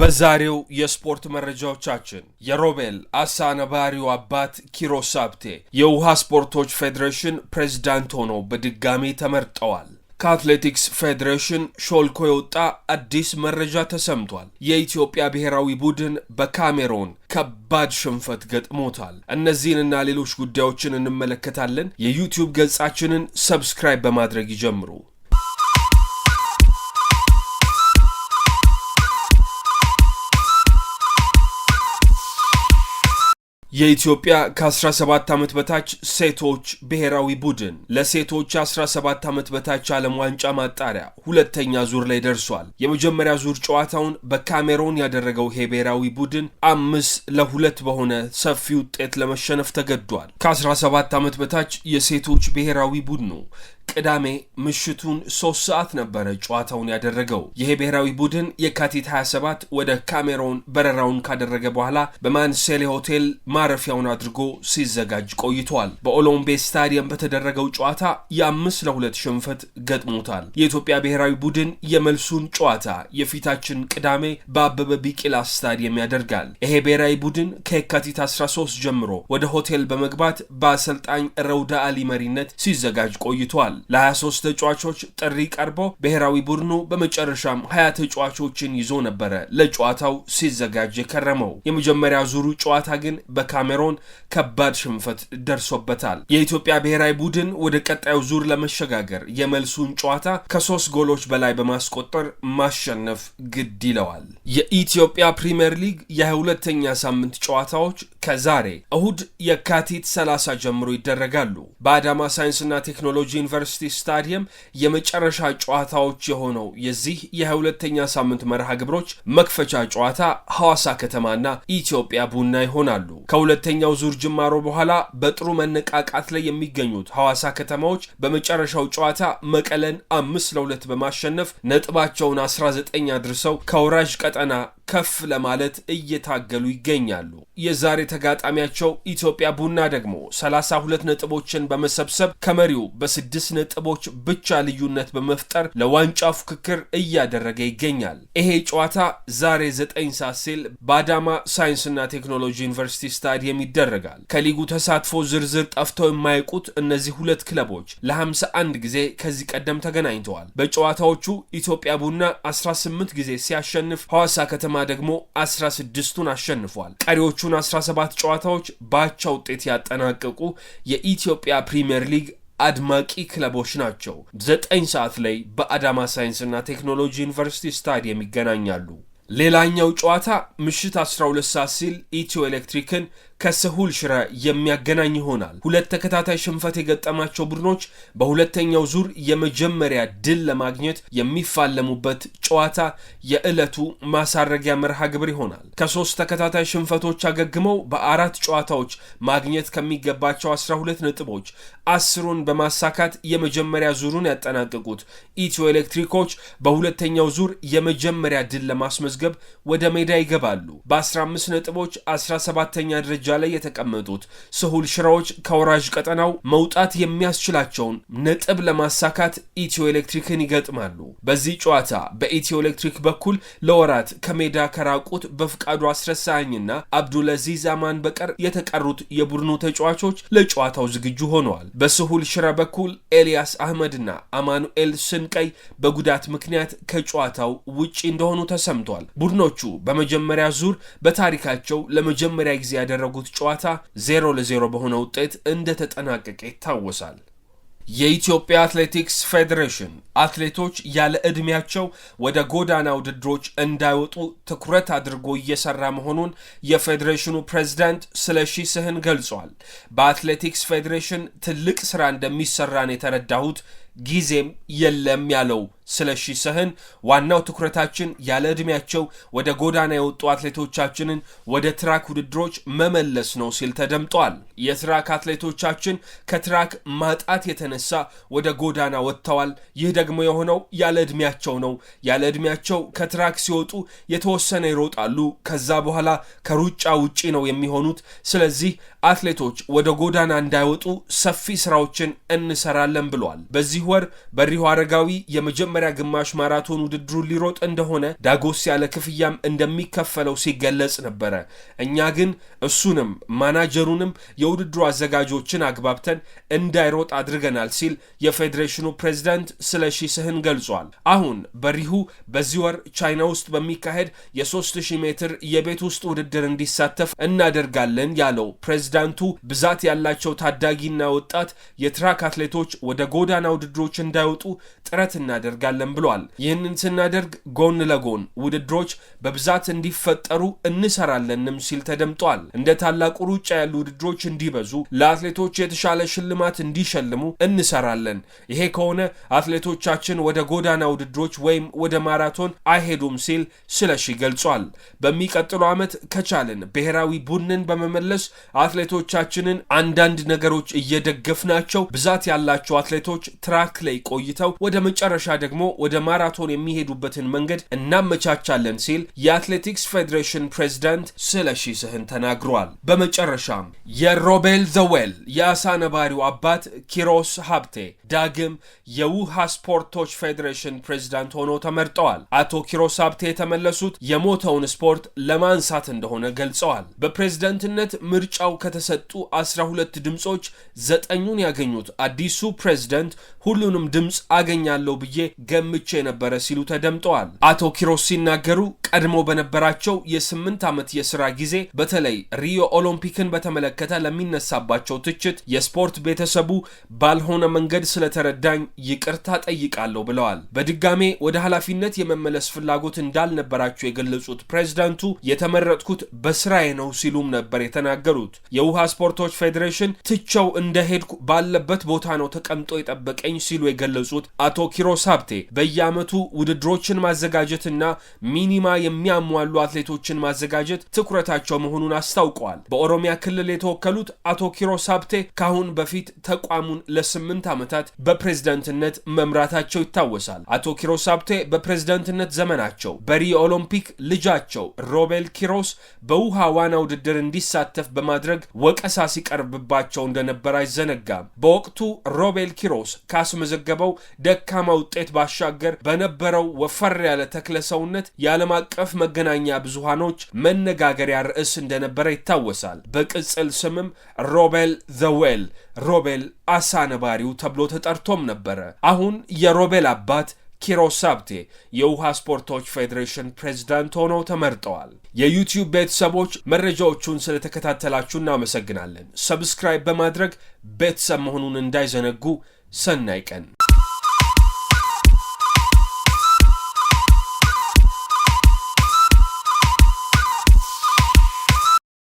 በዛሬው የስፖርት መረጃዎቻችን የሮቤል አሳነባሪው አባት ኪሮስ ሀብቴ የውሃ ስፖርቶች ፌዴሬሽን ፕሬዝዳንት ሆነው በድጋሚ ተመርጠዋል። ከአትሌቲክስ ፌዴሬሽን ሾልኮ የወጣ አዲስ መረጃ ተሰምቷል። የኢትዮጵያ ብሔራዊ ቡድን በካሜሮን ከባድ ሽንፈት ገጥሞታል። እነዚህንና ሌሎች ጉዳዮችን እንመለከታለን። የዩቲዩብ ገጻችንን ሰብስክራይብ በማድረግ ይጀምሩ። የኢትዮጵያ ከ17 ዓመት በታች ሴቶች ብሔራዊ ቡድን ለሴቶች 17 ዓመት በታች ዓለም ዋንጫ ማጣሪያ ሁለተኛ ዙር ላይ ደርሷል። የመጀመሪያ ዙር ጨዋታውን በካሜሮን ያደረገው ይሄ ብሔራዊ ቡድን አምስት ለሁለት በሆነ ሰፊ ውጤት ለመሸነፍ ተገዷል። ከ17 ዓመት በታች የሴቶች ብሔራዊ ቡድኑ ቅዳሜ ምሽቱን ሶስት ሰዓት ነበረ ጨዋታውን ያደረገው። ይሄ ብሔራዊ ቡድን የካቲት 27 ወደ ካሜሮን በረራውን ካደረገ በኋላ በማንሴሌ ሆቴል ማረፊያውን አድርጎ ሲዘጋጅ ቆይቷል። በኦሎምቤ ስታዲየም በተደረገው ጨዋታ የአምስት ለሁለት ሽንፈት ገጥሞታል። የኢትዮጵያ ብሔራዊ ቡድን የመልሱን ጨዋታ የፊታችን ቅዳሜ በአበበ ቢቂላ ስታዲየም ያደርጋል። ይሄ ብሔራዊ ቡድን ከየካቲት 13 ጀምሮ ወደ ሆቴል በመግባት በአሰልጣኝ ረውዳ አሊ መሪነት ሲዘጋጅ ቆይቷል። ተሰጥቷል። ለ23 ተጫዋቾች ጥሪ ቀርቦ ብሔራዊ ቡድኑ በመጨረሻም 20 ተጫዋቾችን ይዞ ነበረ ለጨዋታው ሲዘጋጅ የከረመው። የመጀመሪያ ዙሩ ጨዋታ ግን በካሜሮን ከባድ ሽንፈት ደርሶበታል። የኢትዮጵያ ብሔራዊ ቡድን ወደ ቀጣዩ ዙር ለመሸጋገር የመልሱን ጨዋታ ከሶስት ጎሎች በላይ በማስቆጠር ማሸነፍ ግድ ይለዋል። የኢትዮጵያ ፕሪምየር ሊግ ለተኛ ሳምንት ጨዋታዎች ከዛሬ እሁድ የካቲት 30 ጀምሮ ይደረጋሉ። በአዳማ ሳይንስና ቴክኖሎጂ ዩኒቨርሲቲ ስታዲየም የመጨረሻ ጨዋታዎች የሆነው የዚህ የሁለተኛ ሳምንት መርሃ ግብሮች መክፈቻ ጨዋታ ሐዋሳ ከተማና ኢትዮጵያ ቡና ይሆናሉ። ከሁለተኛው ዙር ጅማሮ በኋላ በጥሩ መነቃቃት ላይ የሚገኙት ሐዋሳ ከተማዎች በመጨረሻው ጨዋታ መቀለን አምስት ለሁለት በማሸነፍ ነጥባቸውን 19 አድርሰው ከወራጅ ቀጠና ከፍ ለማለት እየታገሉ ይገኛሉ። የዛሬ ተጋጣሚያቸው ኢትዮጵያ ቡና ደግሞ 32 ነጥቦችን በመሰብሰብ ከመሪው በስድስት ነጥቦች ብቻ ልዩነት በመፍጠር ለዋንጫ ፉክክር እያደረገ ይገኛል። ይሄ ጨዋታ ዛሬ 9 ሰዓት ሲል በአዳማ ሳይንስና ቴክኖሎጂ ዩኒቨርሲቲ ስታዲየም ይደረጋል። ከሊጉ ተሳትፎ ዝርዝር ጠፍተው የማይቁት እነዚህ ሁለት ክለቦች ለ51 ጊዜ ከዚህ ቀደም ተገናኝተዋል። በጨዋታዎቹ ኢትዮጵያ ቡና 18 ጊዜ ሲያሸንፍ፣ ሐዋሳ ከተማ ደግሞ 16ቱን አሸንፏል። ቀሪዎቹን 17 ሰባት ጨዋታዎች በአቻ ውጤት ያጠናቀቁ የኢትዮጵያ ፕሪምየር ሊግ አድማቂ ክለቦች ናቸው። ዘጠኝ ሰዓት ላይ በአዳማ ሳይንስና ቴክኖሎጂ ዩኒቨርሲቲ ስታዲየም ይገናኛሉ። ሌላኛው ጨዋታ ምሽት 12 ሰዓት ሲል ኢትዮ ኤሌክትሪክን ከስሁል ሽረ የሚያገናኝ ይሆናል። ሁለት ተከታታይ ሽንፈት የገጠማቸው ቡድኖች በሁለተኛው ዙር የመጀመሪያ ድል ለማግኘት የሚፋለሙበት ጨዋታ የዕለቱ ማሳረጊያ መርሃ ግብር ይሆናል። ከሶስት ተከታታይ ሽንፈቶች አገግመው በአራት ጨዋታዎች ማግኘት ከሚገባቸው 12 ነጥቦች አስሩን በማሳካት የመጀመሪያ ዙሩን ያጠናቀቁት ኢትዮ ኤሌክትሪኮች በሁለተኛው ዙር የመጀመሪያ ድል ለማስመዝገብ ወደ ሜዳ ይገባሉ። በ15 ነጥቦች 17ኛ ደረጃ ላይ የተቀመጡት ስሁል ሽራዎች ከወራጅ ቀጠናው መውጣት የሚያስችላቸውን ነጥብ ለማሳካት ኢትዮ ኤሌክትሪክን ይገጥማሉ። በዚህ ጨዋታ በኢትዮ ኤሌክትሪክ በኩል ለወራት ከሜዳ ከራቁት በፍቃዱ አስረሳኝና አብዱልአዚዝ አማን በቀር የተቀሩት የቡድኑ ተጫዋቾች ለጨዋታው ዝግጁ ሆነዋል። በስሁል ሽራ በኩል ኤልያስ አህመድና አማኑኤል ስንቀይ በጉዳት ምክንያት ከጨዋታው ውጪ እንደሆኑ ተሰምቷል። ቡድኖቹ በመጀመሪያ ዙር በታሪካቸው ለመጀመሪያ ጊዜ ያደረጉ ያደረጉት ጨዋታ ዜሮ ለዜሮ በሆነ ውጤት እንደተጠናቀቀ ይታወሳል። የኢትዮጵያ አትሌቲክስ ፌዴሬሽን አትሌቶች ያለ ዕድሜያቸው ወደ ጎዳና ውድድሮች እንዳይወጡ ትኩረት አድርጎ እየሰራ መሆኑን የፌዴሬሽኑ ፕሬዝዳንት ስለሺ ስህን ገልጿል። በአትሌቲክስ ፌዴሬሽን ትልቅ ስራ እንደሚሰራን የተረዳሁት ጊዜም የለም ያለው ስለሺ ሰህን ዋናው ትኩረታችን ያለ ዕድሜያቸው ወደ ጎዳና የወጡ አትሌቶቻችንን ወደ ትራክ ውድድሮች መመለስ ነው ሲል ተደምጧል። የትራክ አትሌቶቻችን ከትራክ ማጣት የተነሳ ወደ ጎዳና ወጥተዋል። ይህ ደግሞ የሆነው ያለ ዕድሜያቸው ነው። ያለ ዕድሜያቸው ከትራክ ሲወጡ የተወሰነ ይሮጣሉ። ከዛ በኋላ ከሩጫ ውጪ ነው የሚሆኑት። ስለዚህ አትሌቶች ወደ ጎዳና እንዳይወጡ ሰፊ ስራዎችን እንሰራለን ብሏል። በዚህ ወር በሪሁ አረጋዊ የመጀመ የመጀመሪያ ግማሽ ማራቶን ውድድሩን ሊሮጥ እንደሆነ ዳጎስ ያለ ክፍያም እንደሚከፈለው ሲገለጽ ነበረ። እኛ ግን እሱንም ማናጀሩንም የውድድሩ አዘጋጆችን አግባብተን እንዳይሮጥ አድርገናል ሲል የፌዴሬሽኑ ፕሬዚዳንት ስለሺ ስህን ገልጿል። አሁን በሪሁ በዚህ ወር ቻይና ውስጥ በሚካሄድ የ3000 ሜትር የቤት ውስጥ ውድድር እንዲሳተፍ እናደርጋለን ያለው ፕሬዚዳንቱ ብዛት ያላቸው ታዳጊና ወጣት የትራክ አትሌቶች ወደ ጎዳና ውድድሮች እንዳይወጡ ጥረት እናደርጋል እናደርጋለን ብሏል። ይህንን ስናደርግ ጎን ለጎን ውድድሮች በብዛት እንዲፈጠሩ እንሰራለንም ሲል ተደምጧል። እንደ ታላቁ ሩጫ ያሉ ውድድሮች እንዲበዙ፣ ለአትሌቶች የተሻለ ሽልማት እንዲሸልሙ እንሰራለን። ይሄ ከሆነ አትሌቶቻችን ወደ ጎዳና ውድድሮች ወይም ወደ ማራቶን አይሄዱም ሲል ስለሺ ገልጿል። በሚቀጥለው ዓመት ከቻልን ብሔራዊ ቡድንን በመመለስ አትሌቶቻችንን አንዳንድ ነገሮች እየደገፍናቸው ብዛት ያላቸው አትሌቶች ትራክ ላይ ቆይተው ወደ መጨረሻ ደግሞ ደግሞ ወደ ማራቶን የሚሄዱበትን መንገድ እናመቻቻለን ሲል የአትሌቲክስ ፌዴሬሽን ፕሬዚዳንት ስለሺ ስህን ተናግሯል። በመጨረሻም የሮቤል ዘዌል የአሳ ነባሪው አባት ኪሮስ ሀብቴ ዳግም የውሃ ስፖርቶች ፌዴሬሽን ፕሬዚዳንት ሆኖ ተመርጠዋል። አቶ ኪሮስ ሀብቴ የተመለሱት የሞተውን ስፖርት ለማንሳት እንደሆነ ገልጸዋል። በፕሬዝደንትነት ምርጫው ከተሰጡ 12 ድምፆች ዘጠኙን ያገኙት አዲሱ ፕሬዝደንት ሁሉንም ድምፅ አገኛለሁ ብዬ ገምቼ ነበረ ሲሉ ተደምጠዋል። አቶ ኪሮስ ሲናገሩ ቀድሞ በነበራቸው የስምንት ዓመት የስራ ጊዜ በተለይ ሪዮ ኦሎምፒክን በተመለከተ ለሚነሳባቸው ትችት የስፖርት ቤተሰቡ ባልሆነ መንገድ ስለተረዳኝ ይቅርታ ጠይቃለሁ ብለዋል። በድጋሜ ወደ ኃላፊነት የመመለስ ፍላጎት እንዳልነበራቸው የገለጹት ፕሬዝዳንቱ የተመረጥኩት በስራዬ ነው ሲሉም ነበር የተናገሩት። የውሃ ስፖርቶች ፌዴሬሽን ትቸው እንደሄድኩ ባለበት ቦታ ነው ተቀምጦ የጠበቀኝ ሲሉ የገለጹት አቶ ኪሮስ ሀብቴ በየዓመቱ ውድድሮችን ማዘጋጀትና ሚኒማ የሚያሟሉ አትሌቶችን ማዘጋጀት ትኩረታቸው መሆኑን አስታውቀዋል። በኦሮሚያ ክልል የተወከሉት አቶ ኪሮስ ሀብቴ ከአሁን በፊት ተቋሙን ለስምንት ዓመታት በፕሬዝደንትነት መምራታቸው ይታወሳል። አቶ ኪሮስ ሀብቴ በፕሬዝደንትነት ዘመናቸው በሪዮ ኦሎምፒክ ልጃቸው ሮቤል ኪሮስ በውሃ ዋና ውድድር እንዲሳተፍ በማድረግ ወቀሳ ሲቀርብባቸው እንደነበር አይዘነጋም። በወቅቱ ሮቤል ኪሮስ ካስመዘገበው ደካማ ውጤት ባሻገር በነበረው ወፈር ያለ ተክለ ሰውነት የዓለም አቀፍ መገናኛ ብዙሃኖች መነጋገሪያ ርዕስ እንደነበረ ይታወሳል። በቅጽል ስምም ሮቤል ዘዌል ሮቤል አሳ ነባሪው ተብሎ ተጠርቶም ነበረ። አሁን የሮቤል አባት ኪሮስ ሳብቴ የውሃ ስፖርቶች ፌዴሬሽን ፕሬዝዳንት ሆነው ተመርጠዋል። የዩቲዩብ ቤተሰቦች መረጃዎቹን ስለተከታተላችሁ እናመሰግናለን። ሰብስክራይብ በማድረግ ቤተሰብ መሆኑን እንዳይዘነጉ። ሰናይ ቀን